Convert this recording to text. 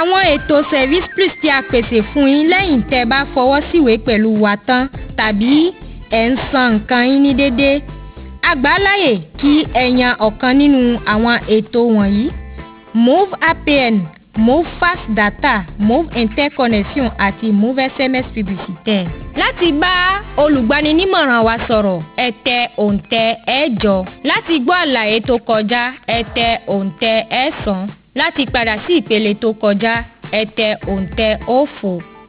àwọn ètò service plus tí a pèsè fún yín lẹ́yìn tẹ́ ẹ bá fọwọ́ síwèé pẹ̀lú wa tán tàbí ẹ̀ ń san nǹkan yín ní déédéé agbáláyè kí ẹ yan ọ̀kan nínú àwọn ètò wọ̀nyí move apn move fast data move interconnection àti move sms publicitaire. láti bá olùgbaninímọ̀ràn wa sọ̀rọ̀ ẹ tẹ òǹtẹ̀ ẹ̀jọ láti gbọ́ àlàyé tó kọjá ẹ tẹ òǹtẹ̀ ẹ̀sán. Láti padà sí ìpele tó kọjá, ẹ tẹ òǹtẹ̀ 0 fò.